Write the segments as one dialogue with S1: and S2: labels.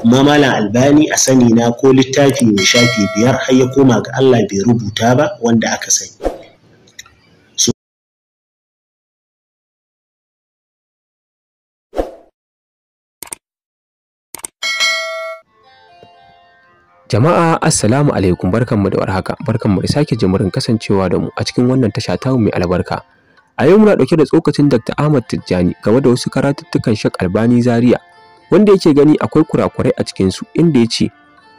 S1: Mamala albani a sani na ko littafi mai shafi biyar har ya koma ga Allah bai rubuta ba wanda aka sani
S2: Jama'a assalamu alaikum barkanmu da warhaka barkanmu da sake jimirin kasancewa da mu a cikin wannan tasha ta mai albarka. A yau muna dauke da tsokacin Dr. Ahmad Tijjani game da wasu karatuttukan shak Albani Zaria wanda yake gani akwai kurakurai a cikinsu inda ya ce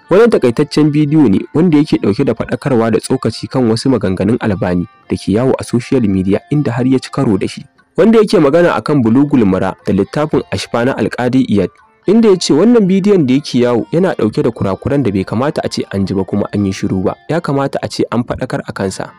S2: wannan takaitaccen bidiyo ne wanda yake ɗauke da faɗakarwa da tsokaci kan wasu maganganun albani da ke yawo a social media inda har ya ci karo da shi wanda yake magana akan bulugul mara da littafin ashfana na alkadi iyad inda ya ce wannan bidiyon da yake yawo yana ɗauke da kurakuran da bai kamata a ce an ji ba kuma an yi shiru ba ya kamata a ce an faɗakar a kansa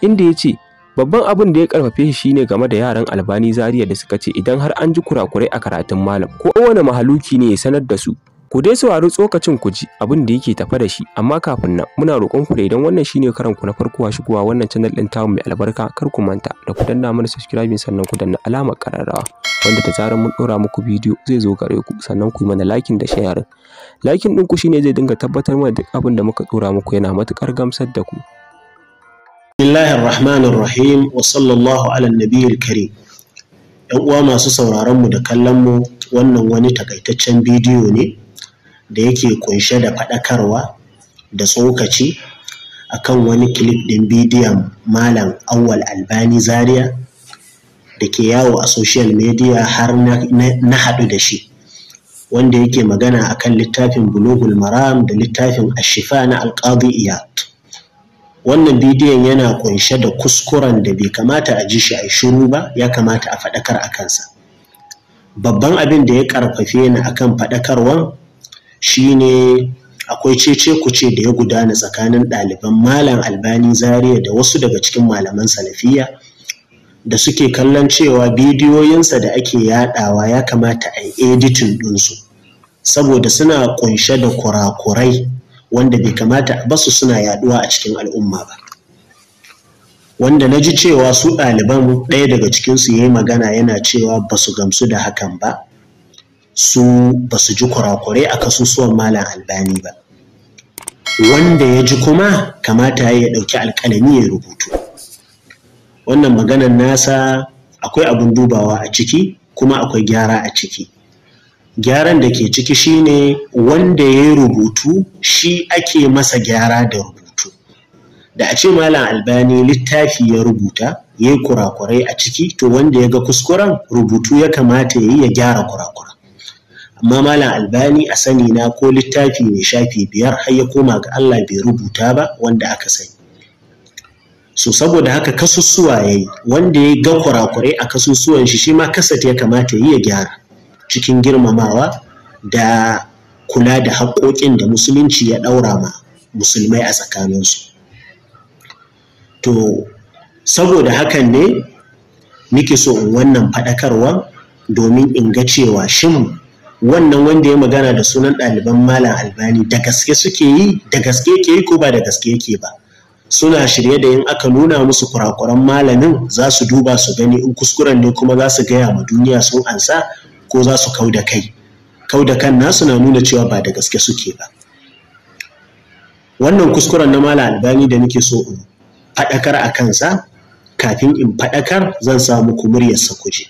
S2: inda ya ce babban abin da ya karfafe shi shine game da yaran albani zaria da suka ce idan har an ji kurakurai a karatun malam Ko wani mahaluki ne ya sanar da su ku dai saurari tsokacin ku ji abin da yake tafa da shi amma kafin nan muna roƙon ku da idan wannan shine karan ku na farko a shigowa wannan channel din tawo mai albarka kar ku manta da ku danna mana subscribe sannan ku danna alamar kararrawa wanda ta zarar mun tsora muku bidiyo zai zo gare ku sannan ku yi mana liking da sharing liking ku shine zai dinga tabbatar mana duk abin da muka dora muku yana matukar gamsar da ku
S1: الله الرحمن الرحيم وصلى الله على النبي الكريم ‘yan uwa masu sauraron mu da kallon mu wannan wani takaitaccen bidiyo ne da yake kunshe da faɗakarwa da tsokaci akan wani clip ɗin bidiyon malam awwal albani zaria da ke yawo a social media har na haɗu da shi wanda yake magana akan littafin bulughul maram da littafin ashifa na alƙadi iyat wannan bidiyon yana kunshe da kuskuren da bai kamata a ji shi a shiru ba ya kamata a faɗakar a kansa babban abin da ya karfafe ni akan faɗakarwan shine akwai cece kuce da ya gudana tsakanin ɗaliban malam albani zaria da wasu daga cikin malaman salafiya da suke kallon cewa bidiyoyinsa da ake yaɗawa ya kamata a yi editin ɗinsu saboda suna kunshe da kurakurai wanda bai kamata ba su suna yaduwa a cikin al'umma ba wanda na ji cewa su ɗaliban ɗaya daga cikinsu ya yi magana yana cewa ba su gamsu da hakan ba su ba su ji kurakurai a kasusuwan malam albani ba wanda ya ji kuma kamata ya ɗauki alƙalami ya rubutu wannan maganar nasa akwai abin dubawa a ciki kuma akwai gyara a ciki gyaran da ke ciki shine wanda ya rubutu shi ake masa gyara da rubutu da a ce malam albani littafi ya rubuta ya yi kurakurai a ciki to wanda ya ga kuskuren rubutu ya kamata ya yi ya gyara kurakura amma malam albani a sani na ko littafi mai shafi biyar har ya koma ga allah bai rubuta ba wanda aka sani so saboda haka kasussuwa ya yi wanda ya ga kurakurai a kasussuwan shi shi ma kasat ya kamata ya yi ya gyara cikin girmamawa da kula da haƙoƙin da musulunci ya ɗaura ma musulmai a tsakaninsu to saboda hakan ne nike so in wannan faɗakarwa domin in ga cewa shin wannan wanda ya magana da sunan ɗaliban malam albani da gaske suke yi da gaske yake yi ko ba da gaske yake ba suna shirye da yin aka nuna musu kurakuran malamin za su duba su gani in kuskuren ne kuma za su gaya ma duniya sun ansa ko za su kau da kai kau da kan nasu na nuna cewa ba da gaske suke ba wannan kuskuren na mala albani da nake so in faɗakar a kansa kafin in faɗakar zan samu kumuryarsa muryarsa kuje.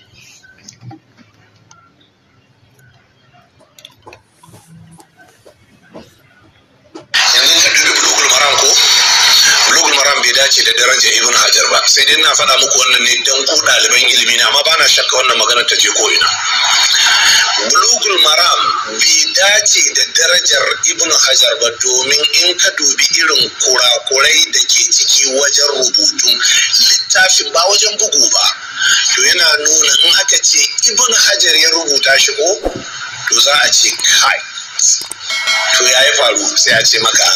S3: da daraja ibn hajar ba sai dai na faɗa muku wannan ne dan ku ɗaliban ilimi ne amma bana shakka wannan magana ta je ko ina bulugul maram bai dace da darajar ibn hajar ba domin in ka dubi irin kurakurai da ke ciki wajen rubutun littafin ba wajen bugu ba to yana nuna in aka ce ibn hajar ya rubuta shi ko to za a ce kai to ya yi faru sai a ce maka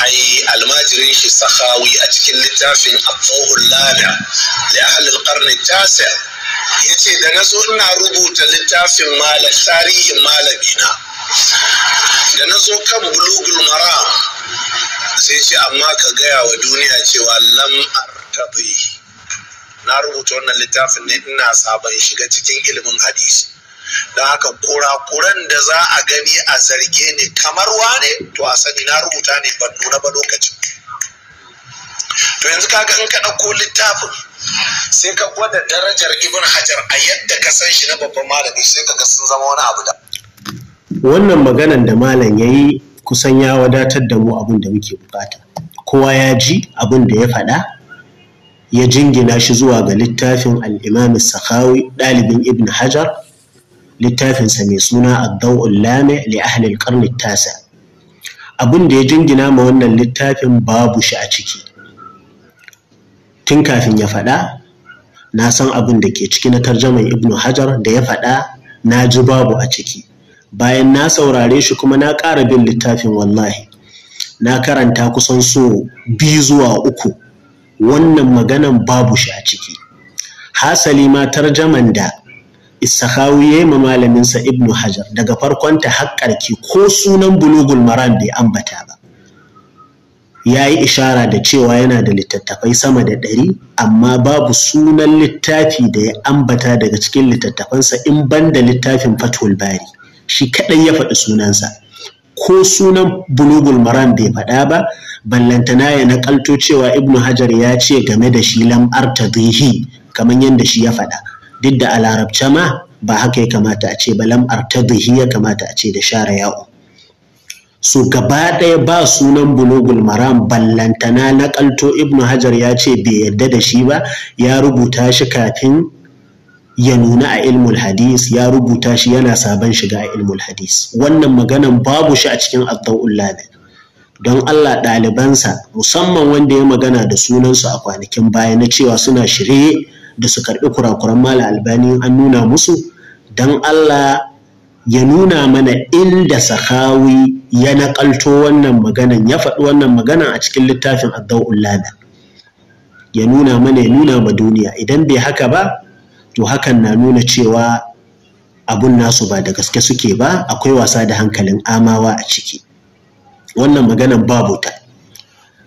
S3: ai almajirin shi sahawi a cikin littafin abubuwan lada da ahalin karni tasir ya ce da na zo ina rubuta littafin malar tarihin malamina da na zo kan bulugul maram sai ce amma ka gaya wa duniya cewa lam artabi na rubuta wannan littafin ne ina sabon shiga cikin ilimin hadisi da haka kurakuran da za a gani a zarge ne kamar wane to a sani na rubuta ne ban nuna ba lokacin to yanzu kaga in ka ɗauko littafin sai ka gwada darajar ibn hajar a yadda ka san shi na babban malami sai ka ga sun zama wani abu da
S1: wannan maganan da malam ya yi kusan ya wadatar da mu abin da muke bukata kowa ya ji abin da ya faɗa ya jingina shi zuwa ga littafin al'imamin sakhawi ɗalibin ibn hajar littafinsa mai suna addau'ul lame li ahlil karni tasa abin da ya jingina ma wannan littafin babu shi a ciki tun kafin ya faɗa na san abin da ke ciki na tarjaman ibnu hajar da ya faɗa na ji babu a ciki bayan na saurare shi kuma na ƙara bin littafin wallahi na karanta kusan so biyu zuwa uku wannan maganan babu shi a ciki hasali ma tarjaman da Issahawi ya yi ma malaminsa Ibn Hajar daga farkonta har ƙarki ko sunan bulugul maram bai ambata ba. Ya yi ishara da cewa yana da littattafai sama da ɗari, amma babu sunan littafi da ya ambata daga cikin littattafansa in banda littafin Fathul Bari. Shi kaɗai ya faɗi sunansa. Ko sunan bulugul maram bai faɗa ba, ballantana ya naƙalto cewa Ibn Hajar ya ce game da shi lam artadihi kamar yadda shi ya faɗa. duk da a larabce ma ba haka ya kamata a ce ba lam'ar ta ya kamata a ce da share ya'o. su gaba ɗaya ba sunan bulugul maram ballantana na ƙalto ibnu hajar ya ce bai yadda da shi ba ya rubuta shi kafin ya nuna a ilmul hadis ya rubuta shi yana sabon shiga a ilmul hadis wannan maganan babu shi a cikin addu'ul don Allah ɗalibansa musamman wanda ya magana da sunansu a kwanakin baya na cewa suna shirye da su karɓi kurakuran mala albani an nuna musu don Allah ya nuna mana inda sahawi ya naƙalto wannan maganan ya faɗi wannan magana a cikin littafin adda'ul ya nuna mana ya nuna ma duniya idan bai haka ba to hakan na nuna cewa abun nasu ba da gaske suke ba akwai wasa da hankalin amawa a ciki wannan maganan babu ta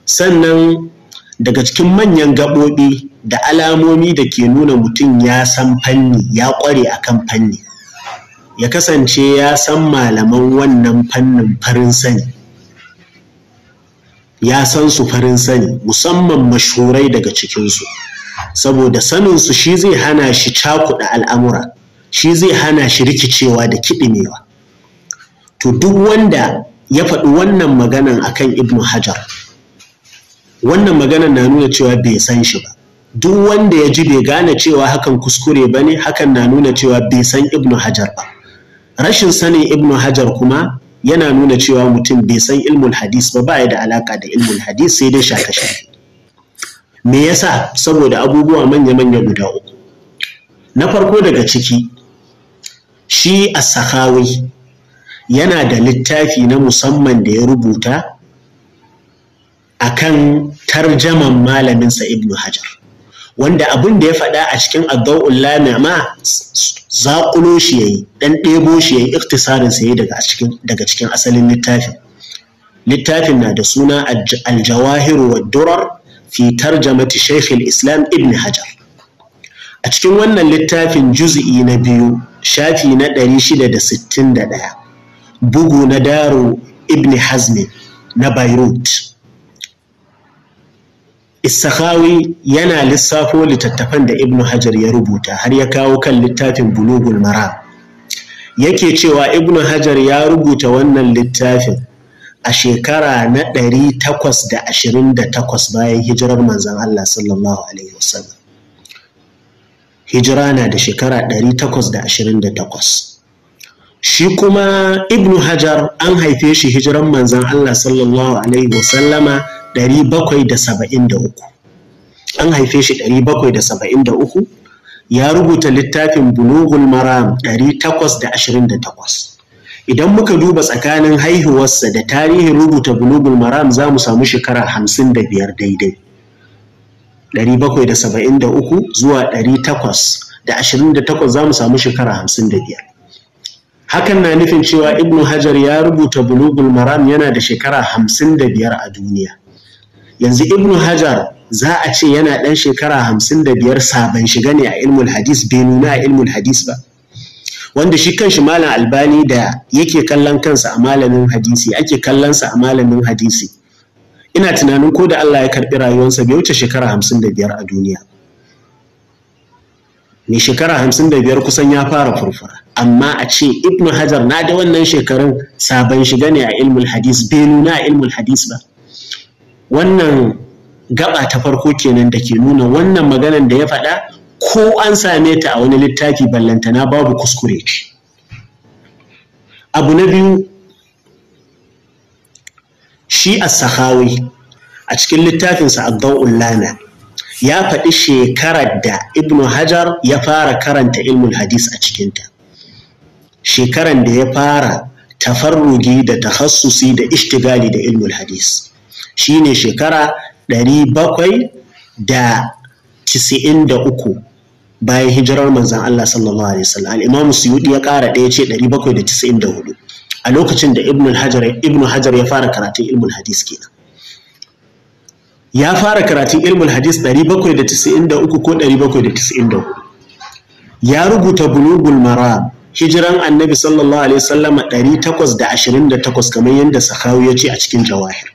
S1: sannan daga cikin manyan gaɓoɓi da alamomi da ke nuna mutum ya san fanni ya ƙware a kan fanni ya kasance ya san malaman wannan fannin farin sani ya san su farin sani musamman mashhurai daga cikinsu saboda saninsu shi zai hana shi cakuɗa al'amura shi zai hana shi rikicewa da kiɗimewa to duk wanda ya faɗi wannan maganan akan ibnu hajar wannan maganar na nuna cewa bai san shi ba duk wanda ya ji bai gane cewa hakan kuskure ba ne hakan na nuna cewa bai san ibnu hajar ba rashin sanin ibnu hajar kuma yana nuna cewa mutum bai san ilmul hadis ba Ba ya da alaka da ilmul hadis sai dai shaka shafi me yasa saboda abubuwa manya-manya guda uku na farko daga ciki shi as-sakhawi yana da littafi na musamman da ya rubuta akan tarjaman malaminsa ibn hajar wanda abin da ya faɗa a cikin adda'ul lamima zaƙulo shi yayi dan ɗebo shi yayi iftisarin sa daga cikin daga cikin asalin littafin littafin na da suna al-jawahir wa durar fi tarjamati shaykh al-islam ibn hajar a cikin wannan littafin juz'i na biyu shafi na 661 bugu na daro ibn hazm na beirut Issahawi yana lissafo littattafan da Ibn Hajar ya rubuta har ya kawo kan littafin Bulugul Maram. Yake cewa Ibn Hajar ya rubuta wannan littafin a shekara na ɗari takwas da ashirin da takwas bayan hijirar manzan Allah sallallahu Alaihi wasallam. Hijira na da shekara ɗari takwas da ashirin da takwas. Shi kuma Ibn Hajar an haife shi hijiran manzan Allah sallallahu Alaihi wasallama 773 an haife shi 773 ya rubuta littafin bulugul maram 828 idan muka duba tsakanin haihuwarsa da tarihin rubuta bulugul maram za mu samu shekara 55 daidai 773 zuwa 828 za mu samu shekara 55 hakan na nufin cewa ibnu hajar ya rubuta bulugul maram yana da shekara 55 a duniya yanzu ibn hajar za a ce yana ɗan shekara hamsin da biyar sabon shiga ne a ilmul hadis bai nuna a ilmul hadis ba wanda shi kanshi malam albani da yake kallon kansa a malamin hadisi ake kallonsa a malamin hadisi ina tunanin ko da Allah ya karɓi rayuwarsa bai wuce shekara hamsin da biyar a duniya mai shekara hamsin da biyar kusan ya fara furfura amma a ce ibnu hajar na da wannan shekarun sabon shiga ne a ilmul hadis bai nuna a ilmul hadis ba wannan gaba ta farko kenan da ke nuna wannan maganan da ya faɗa ko an same ta a wani littafi ballantana babu kuskure ce abu na biyu shi a sahawi a cikin littafinsa a lana ya faɗi shekarar da ibnu hajar ya fara karanta ilmul hadis a cikinta shekarar da ya fara tafarrugi da tahassusi da ishtigali da ilmul hadis Shi ne shekara ɗari bakwai da da uku bayan hijirar manzan Allah sallallahu alaihi wasallam al’imamu imam ya ƙara ɗaya ce ɗari bakwai da da hudu a lokacin da Ibn Hajar ya fara karatun ilmul hadis kenan ya fara karatun ilmul hadis ɗari bakwai da da uku ko ɗari bakwai da da hudu ya rubuta bulugul maram hijiran annabi sallallahu alaihi wasallama ɗari takwas da ashirin da takwas kamar yadda sakawu ya ce a cikin jawahir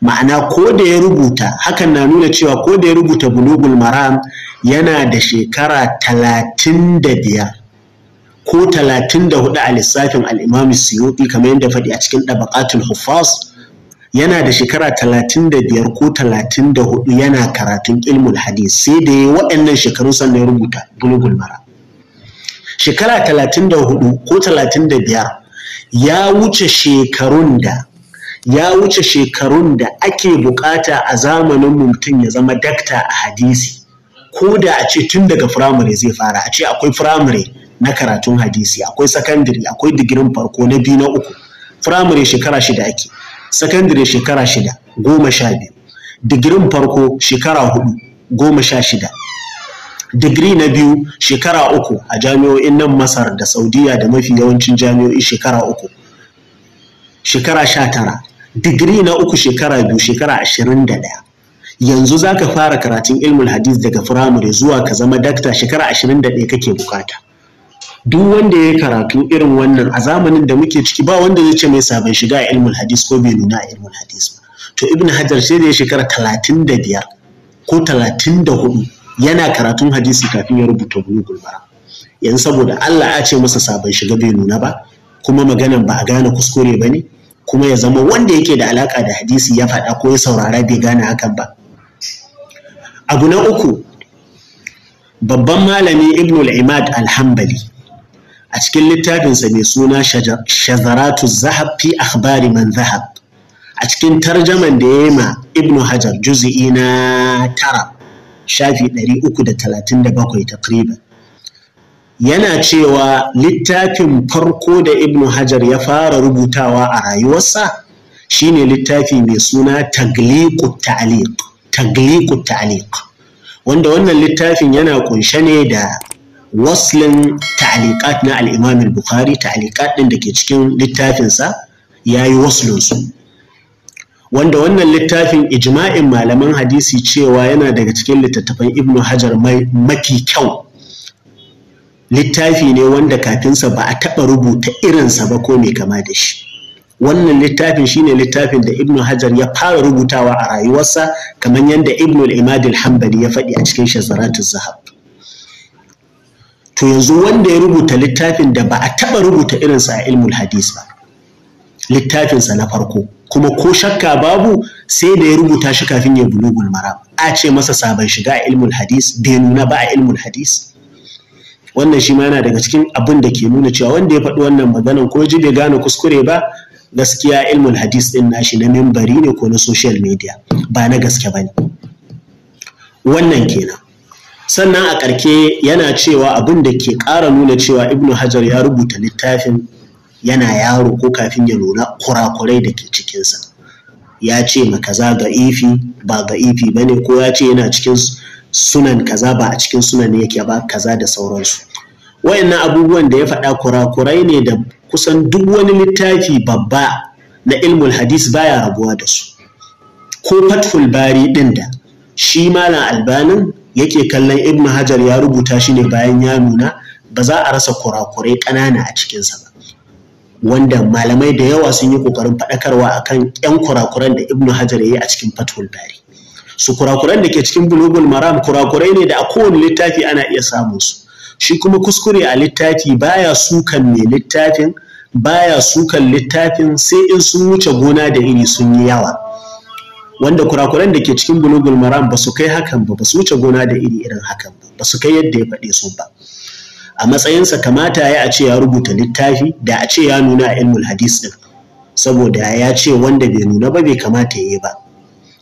S1: ma'ana ko da ya rubuta hakan na nuna cewa ko da ya rubuta bulugul maram yana da shekara talatin ko talatin hudu a lissafin al'imami siyoɗi kamar yadda faɗi a cikin ɗabaƙatul hufas yana da shekara talatin da ko talatin yana karatun ilmul hadis sai da ya waɗannan shekaru sannan rubuta bulugul maram shekara talatin ko talatin biyar ya wuce shekarun da ya wuce shekarun da ake bukata a zamanin mutum ya zama dakta a hadisi ko da a ce tun daga firamare zai fara a ce akwai firamare na karatun hadisi akwai sakandare akwai digirin farko na biyu na uku firamare shekara shida ake sakandare shekara shida goma sha biyu digirin farko shekara hudu goma sha shida digiri na biyu shekara uku a jami'o'in nan masar da saudiya da mafi yawancin jami'o'i shekara uku shekara sha tara digiri na uku shekara biyu shekara ashirin da ɗaya yanzu za ka fara karatun ilmul hadis daga firamare zuwa ka zama dakta shekara ashirin da ɗaya kake bukata duk wanda ya karatu irin wannan a zamanin da muke ciki ba wanda zai ce mai sabon shiga a ilmul hadis ko bai nuna a ilmul hadis ba to ibn hajar sai da ya shekara talatin da biyar ko talatin da hudu yana karatun hadisi kafin ya rubuta bulugul mara yanzu saboda allah a ce masa sabon shiga bai nuna ba kuma maganan ba a gane kuskure ba ne kuma ya zama wanda yake da alaka da hadisi ya faɗa ko ya saurara bai gane hakan ba abu na uku babban malami al imad alhambali a cikin littafinsa mai suna shazaratu zahab fi akhbari man zahab a cikin tarjaman da ya yi ma ibnu hajar juzi'i na tara shafi 337 takriban yana cewa littafin farko da ibnu hajar ya fara rubutawa a rayuwarsa shine littafi mai suna tagliqut ta'liq wanda wannan littafin yana kunshe ne da waslin ta'liqat na al-imam al-bukhari ta'liqat din da ke cikin littafinsa yayi waslin su wanda wannan littafin ijma'in malaman hadisi cewa yana daga cikin littattafan ibnu hajar mafi kyau littafi ne wanda kafinsa ba a taɓa rubuta irinsa ba ko mai kama da shi wannan littafin shine littafin da ibnu hajar ya fara rubutawa a rayuwarsa kamar yadda ibnu al-imad al ya faɗi a cikin shazaratu zahab to yanzu wanda ya rubuta littafin da ba a taɓa rubuta irinsa a ilmul hadis ba littafinsa na farko kuma ko shakka babu sai da ya rubuta shi kafin ya bulugul maram a ce masa sabon shiga a ilmul hadis bai nuna ba a ilmul hadis wannan shi ma yana daga cikin abin da ke nuna cewa wanda ya faɗi wannan maganan ko ji bai gane kuskure ba gaskiya ilmin hadis din nashi na membari ne ko na social media ba na gaske ba ne wannan kenan sannan a ƙarke yana cewa abin da ke ƙara nuna cewa ibnu hajar ya rubuta littafin yana yaro ko kafin ya nuna kurakurai da ke cikinsa ya ce ma kaza ga ifi ba ga ifi ba ne ko ya ce yana cikin sunan kaza ba a cikin sunan yake ba kaza da sauransu wayannan abubuwan da ya faɗa kurakurai ne da kusan duk wani littafi babba na ilmul hadis baya rabuwa da su ko fatful bari ɗin da shi malam albanin yake kallon ibn hajar ya rubuta shi ne bayan ya nuna ba za a rasa kurakurai ƙanana a cikinsa ba wanda malamai da yawa sun yi ƙoƙarin faɗakarwa akan 'yan kurakuran da ibn hajar ya yi a cikin fatful bari su kurakuran da ke cikin bulugul maram kurakurai ne da a kowane littafi ana iya samun su shi kuma kuskure a littafi baya sukan mai littafin baya sukan littafin sai in sun wuce gona da iri sun yi yawa wanda kurakuran da ke cikin bulugul maram ba su kai hakan ba ba su wuce gona da iri irin hakan ba ba su kai yadda ya faɗe su ba a matsayinsa kamata ya a ce ya rubuta littafi da a ce ya nuna a ilmul hadis din saboda ya ce wanda bai nuna ba bai kamata ya yi ba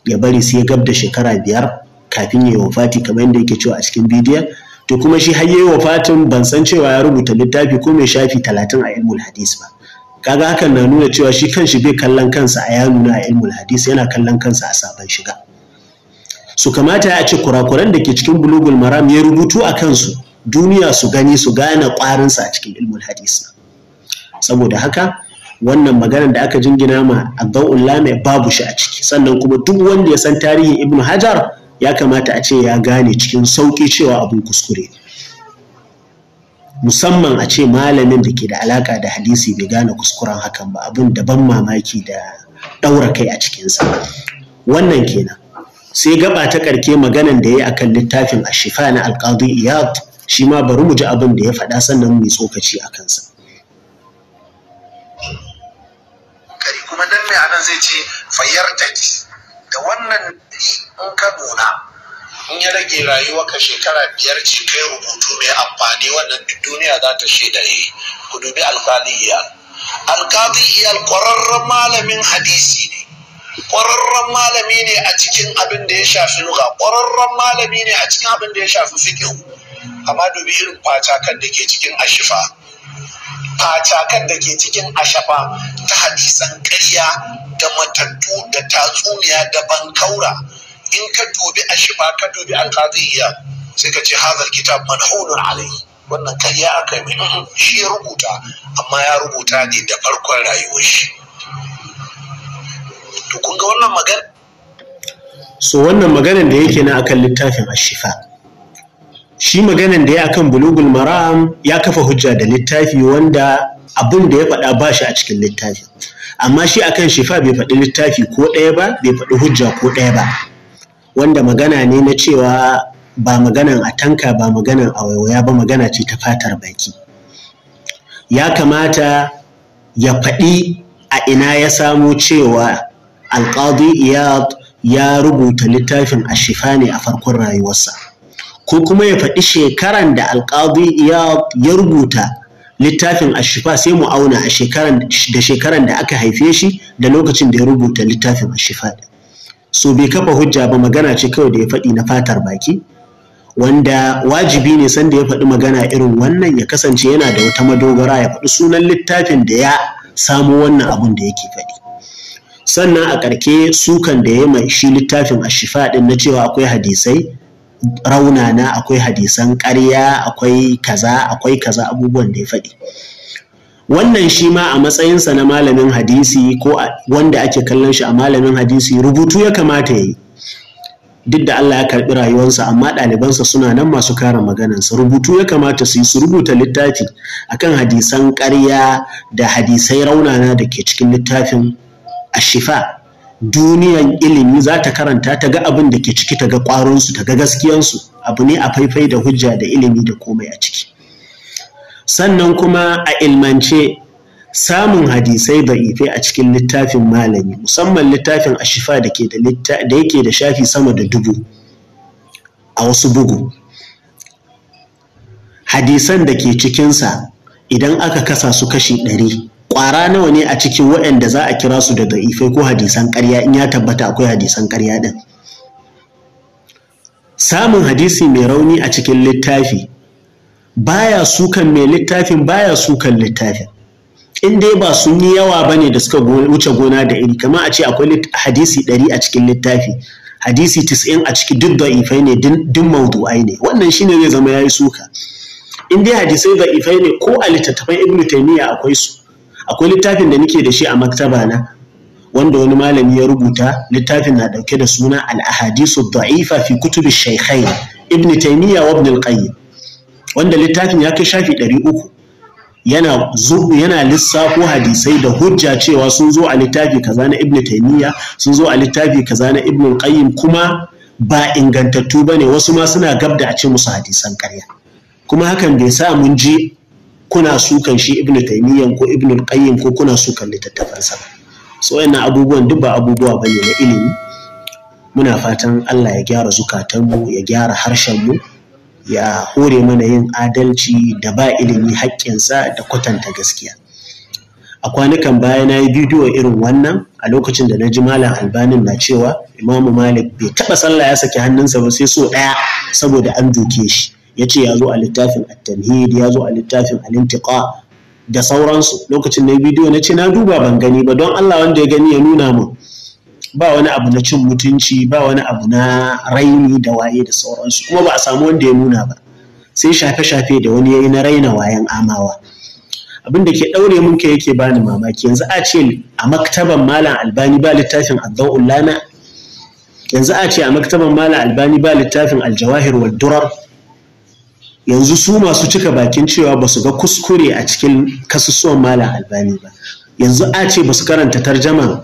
S1: ya bari sai gab da shekara biyar kafin ya yi wafati kamar yadda yake cewa a cikin bidiyon to kuma shi har yayi wafatin ban san cewa ya rubuta littafi ko mai shafi talatin a ilmul hadis ba kaga hakan na nuna cewa shi kanshi bai kallon kansa a ya nuna a ilmul hadis yana kallon kansa a sabon shiga su kamata ya ce kurakuran da ke cikin bulugul maram ya rubutu a kansu duniya su gani su gane kwarinsa a cikin ilmul hadis saboda haka wannan maganar da aka jingina ma a ga'un lame babu shi a ciki sannan kuma duk wanda ya san tarihin ibnu hajar ya kamata a ce ya gane cikin sauƙi cewa abin kuskure musamman a ce malamin da ke da alaka da hadisi bai gane kuskuren hakan ba abin da ban mamaki da ɗaura kai a cikinsa wannan kenan sai gaba ta ƙarke maganan da ya yi a kan littafin a shifa na alƙadu iyad shi ma bari mu ji abin da ya faɗa sannan mu tsokaci a kansa wannan zai ce fayyar
S3: tati da wannan in ka nuna in ya rage rayuwa ka shekara biyar ce kai rubutu mai amfani wannan duniya za ta shaida yi eh, ku dubi alkali iyal alkali iyal kwararren malamin hadisi ne kwararren malami ne a cikin abin da ya shafi luga kwararren malami ne a cikin abin da ya shafi fikin amma dubi irin fata kan da ke cikin ashifa facakar da ke cikin ashafa ta hadisan karya da matattu da tatsuniya da bankaura in ka dubi ashafa ka dubi alkaziyya sai ka ce hazar kitab manhunun alai wannan ƙarya aka yi mm-hmm. shi ya rubuta amma ya rubuta ne da farkon rayuwar shi to kun ga wannan magana
S1: so wannan maganar da yake na akan littafin ashifa shi maganan da ya akan bulugul maram ya kafa hujja da littafi wanda abin da ya faɗa ba shi a cikin littafi amma shi akan shifa bai faɗi littafi ko ɗaya ba bai faɗi hujja ko ɗaya ba wanda magana ne na cewa ba maganan a tanka ba maganan a waiwaya ba magana ce ta fatar baki ya kamata ya faɗi a ina ya samo cewa alƙadu iyad ya rubuta littafin a shifa ne a farkon rayuwarsa ko kuma ya faɗi shekaran da alƙadi ya rubuta littafin ashifa sai mu auna a shekaran da shekaran da aka haife shi da lokacin da ya rubuta littafin ashifa so bai kafa hujja ba magana ce kawai da ya faɗi na fatar baki wanda wajibi ne sanda ya faɗi magana irin wannan ya kasance yana da wata madogara ya faɗi sunan littafin da ya samo wannan abun da yake faɗi sannan a ƙarke sukan da ya mai shi littafin ashifa ɗin na cewa akwai hadisai raunana akwai hadisan ƙarya akwai kaza akwai kaza abubuwan da ya faɗi wannan shi ma a matsayinsa na malamin hadisi ko wanda ake kallon shi a malamin hadisi rubutu ya kamata ya yi duk da Allah ya karɓi rayuwarsa amma ɗalibansa suna nan masu kare maganansa rubutu ya kamata su yi su rubuta littafi akan hadisan ƙarya da hadisai raunana da ke cikin littafin ashifa duniyan ilimi za ta karanta ta ga abin da ke ciki ta ga ƙwarinsu ta ga gaskiyansu abu ne a faifai da hujja da ilimi da komai a ciki sannan kuma a ilmance samun hadisai ife a cikin littafin malami musamman littafin ashifa da da yake da shafi sama da dubu a wasu bugu hadisan da ke cikinsa idan aka kasa su kashi ɗari Kwara nawa ne a cikin waɗanda za a kira su da da'ifai ko hadisan ƙarya in ya tabbata akwai hadisan ƙarya ɗin samun hadisi mai rauni a cikin littafi baya sukan mai littafin baya sukan littafin in dai ba sun yi yawa ba ne da suka wuce gona da iri kamar a ce akwai hadisi ɗari a cikin littafi hadisi tis'in a cikin duk da'ifai ne duk maudu'ai ne wannan shine zai zama ya yi suka in dai hadisai da'ifai ne ko a littattafan ibnu taimiyya akwai su akwai littafin da nake da shi a maktaba na wanda wani malami ya rubuta littafin na dauke da suna al-ahadisu da'ifa fi kutubi shaykhain ibn taymiya wa ibn al-qayyim wanda littafin ya kai shafi 300 yana yana lissafo hadisai da hujja cewa sun zo a littafi kaza na ibn taymiya sun zo a littafi kaza na ibn al-qayyim kuma ba ingantattu bane wasu ma suna gabda a ce musu hadisan ƙarya kuma hakan bai sa mun ji kuna sukan shi ibnu taymiyan ko ibnu qayyim ko kuna sukan littattafan sa so wayannan abubuwan duk ba abubuwa bane na ilimi muna fatan Allah ya gyara zukatan mu ya gyara harshen mu ya hore mana yin adalci da ba ilimi hakkin sa da kwatanta gaskiya a kwanukan baya na yi bidiyo irin wannan a lokacin da na ji malam albanin na cewa imamu malik bai taɓa sallah ya saki hannunsa ba sai so ɗaya saboda an doke shi ya ce ya zo a littafin at-tamhid ya zo a littafin al-intiqa da sauransu lokacin na bidiyo na ce na duba ban gani ba don Allah wanda ya gani ya nuna mu ba wani abu na cin mutunci ba wani abu na raini da waye da sauransu kuma ba a samu wanda ya nuna ba sai shafe-shafe da wani ya yi na raina wayan amawa abin da ke ɗaure mun ke yake bani mamaki yanzu a ce a maktaban malam albani ba littafin addu'ul lana yanzu a ce a maktaban malam albani ba littafin aljawahir wal durar yanzu su masu cika bakin cewa ba su ga kuskure a cikin kasusuwan malam albani ba yanzu a ce ba su karanta tarjaman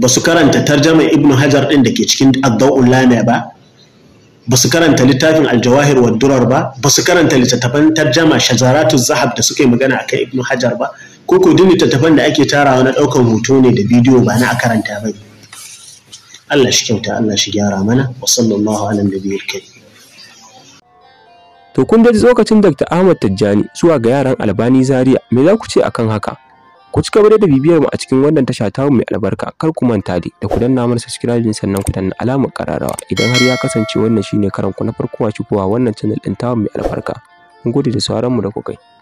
S1: ba su karanta tarjaman ibnu hajar din da ke cikin addu'ul lamiya ba ba su karanta littafin aljawahir wa durar ba ba su karanta littattafan tarjama shajaratu zahab da suke magana akan ibnu hajar ba ko ko duk littattafan da ake tarawa na ɗaukan hoto ne da bidiyo ba na a karanta ba Allah shi kyauta Allah shi gyara mana wa sallallahu ala karim
S2: To kun da tsokacin Dr. Ahmad Tijjani zuwa ga yaran Albani Zaria me za ku ce akan haka? Ku ci gaba da bibiyar mu a cikin wannan tasha ta mai albarka kar ku manta dai da ku danna mana subscribe sannan ku danna alamar kararrawa idan har ya kasance wannan shine karan na farko a cikin wannan channel din ta mai albarka. Mun gode da sauraron mu da ku kai.